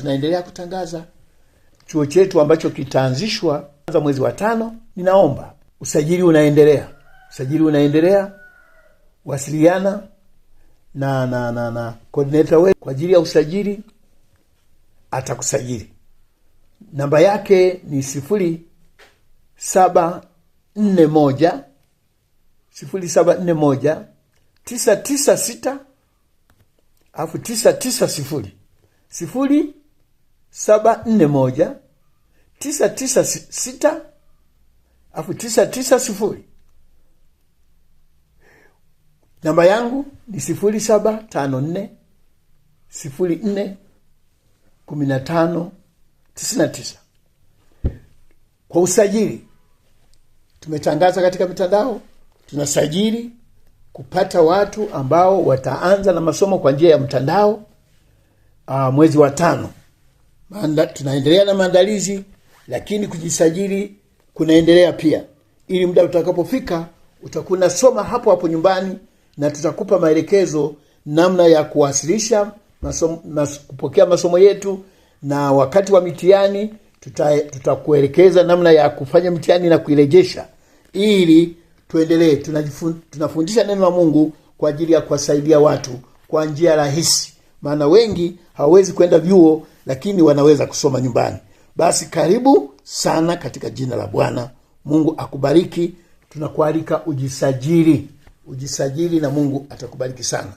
tunaendelea kutangaza chuo chetu ambacho kitaanzishwa mwezi wa tano. Ninaomba usajili unaendelea, usajili unaendelea. Wasiliana na na na na coordinator wetu kwa ajili ya usajili, atakusajili. Namba yake ni sifuri saba nne moja sifuri saba nne moja tisa tisa sita alafu tisa tisa sifuri sifuri 741 996 afu sifuri Namba yangu ni 0754 04 15 99. Kwa usajili tumetangaza katika mitandao, tunasajili kupata watu ambao wataanza na masomo kwa njia ya mtandao uh, mwezi wa tano Manda, tunaendelea na maandalizi lakini kujisajili kunaendelea pia, ili muda utakapofika utakuwa unasoma hapo hapo nyumbani, na tutakupa maelekezo namna ya kuwasilisha masomo, mas, kupokea masomo yetu, na wakati wa mitihani tutakuelekeza tuta namna ya kufanya mtihani na kuirejesha, ili tuendelee. Tunafundisha neno la Mungu kwa ajili ya kuwasaidia watu kwa njia rahisi, maana wengi hawawezi kwenda vyuo lakini wanaweza kusoma nyumbani. Basi karibu sana katika jina la Bwana. Mungu akubariki. Tunakualika ujisajili, ujisajili na Mungu atakubariki sana.